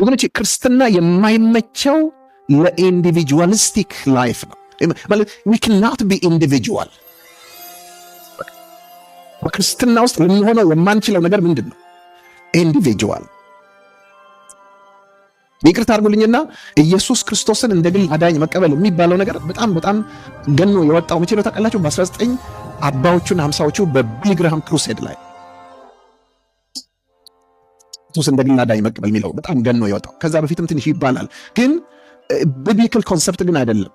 ወገኖች ክርስትና የማይመቸው ለኢንዲቪጁዋሊስቲክ ላይፍ ነው። ማለት ዊ ቢ ኢንዲቪጁዋል። በክርስትና ውስጥ ልንሆነው የማንችለው ነገር ምንድን ነው? ኢንዲቪጁዋል። ይቅርታ አድርጉልኝና ኢየሱስ ክርስቶስን እንደ ግል አዳኝ መቀበል የሚባለው ነገር በጣም በጣም ገኖ የወጣው መቼ ነው ታውቃላችሁ? በ19 አርባዎቹና ሃምሳዎቹ በቢሊግርሃም ክሩሴድ ላይ ሱስ እንደ ግና ዳኝ የሚለው በጣም ገኖ የወጣው ከዛ በፊትም ትንሽ ይባላል፣ ግን ቢብሊካል ኮንሰፕት ግን አይደለም።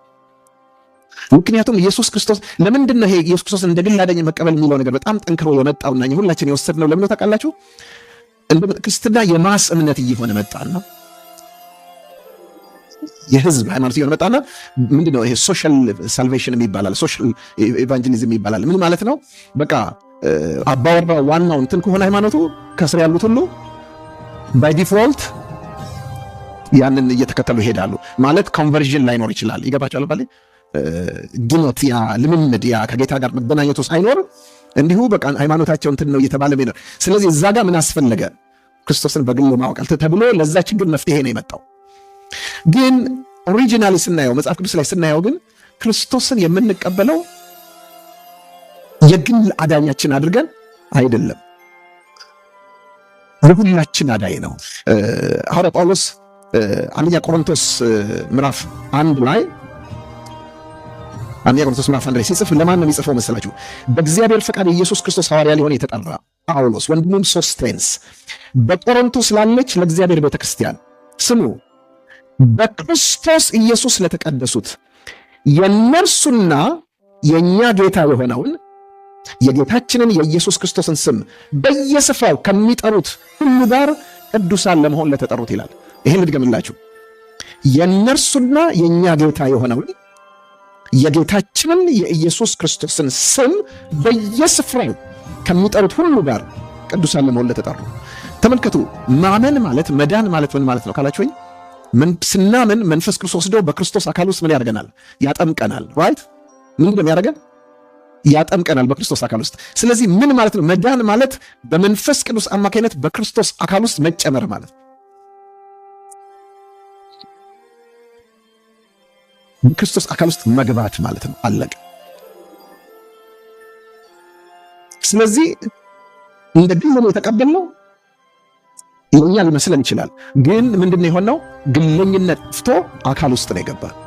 ምክንያቱም ኢየሱስ ክርስቶስ ለምንድን ነው ይሄ ኢየሱስ ክርስቶስ እንደ ግል መቀበል የሚለው ነገር በጣም ጠንክሮ የመጣውና ሁላችን ነው። ለምን ታውቃላችሁ? ክርስትና የማስ እምነት እየሆነ መጣና የህዝብ ሃይማኖት እየሆነ መጣና ምንድነው ይሄ ሶሻል ሳልቬሽን ይባላል፣ ሶሻል ኢቫንጀሊዝም ይባላል። ምን ማለት ነው? በቃ አባወራ ዋናው እንትን ከሆነ ሃይማኖቱ ከስር ያሉት ሁሉ ባይ ዲፎልት ያንን እየተከተሉ ይሄዳሉ ማለት ኮንቨርዥን ላይኖር ይችላል። ይገባቸዋል ባ ግኖት ያ ልምምድ ያ ከጌታ ጋር መገናኘቱ ሳይኖር እንዲሁ በቃ ሃይማኖታቸው እንትን ነው እየተባለ ነው። ስለዚህ እዛ ጋር ምን አስፈለገ? ክርስቶስን በግል ማወቅ ተብሎ ለዛ ችግር መፍትሄ ነው የመጣው። ግን ኦሪጂናሊ ስናየው መጽሐፍ ቅዱስ ላይ ስናየው ግን ክርስቶስን የምንቀበለው የግል አዳኛችን አድርገን አይደለም። ለሁላችን አዳይ ነው። ሐዋርያ ጳውሎስ አንደኛ ቆሮንቶስ ምዕራፍ አንድ ላይ አንደኛ ቆሮንቶስ ምዕራፍ አንድ ላይ ሲጽፍ ለማን ነው የሚጽፈው መሰላችሁ? በእግዚአብሔር ፈቃድ የኢየሱስ ክርስቶስ ሐዋርያ ሊሆን የተጠራ ጳውሎስ ወንድሙም ሶስቴንስ በቆሮንቶስ ላለች ለእግዚአብሔር ቤተክርስቲያን ስሙ በክርስቶስ ኢየሱስ ለተቀደሱት የእነርሱና የእኛ ጌታ የሆነውን የጌታችንን የኢየሱስ ክርስቶስን ስም በየስፍራው ከሚጠሩት ሁሉ ጋር ቅዱሳን ለመሆን ለተጠሩት ይላል። ይህን እድገምላችሁ የእነርሱና የእኛ ጌታ የሆነውን የጌታችንን የኢየሱስ ክርስቶስን ስም በየስፍራው ከሚጠሩት ሁሉ ጋር ቅዱሳን ለመሆን ለተጠሩ ተመልከቱ። ማመን ማለት መዳን ማለት ምን ማለት ነው ካላችሁኝ ስናምን መንፈስ ቅዱስ ወስዶ በክርስቶስ አካል ውስጥ ምን ያደርገናል? ያጠምቀናል። ራይት ምንድን ነው የሚያደርገን? ያጠምቀናል በክርስቶስ አካል ውስጥ። ስለዚህ ምን ማለት ነው? መዳን ማለት በመንፈስ ቅዱስ አማካኝነት በክርስቶስ አካል ውስጥ መጨመር ማለት ነው። በክርስቶስ አካል ውስጥ መግባት ማለት ነው። አለቀ። ስለዚህ እንደ ድል ነው የተቀበልነው የእኛ ሊመስለን ይችላል። ግን ምንድን ነው የሆነው? ግለኝነት ጠፍቶ አካል ውስጥ ነው የገባ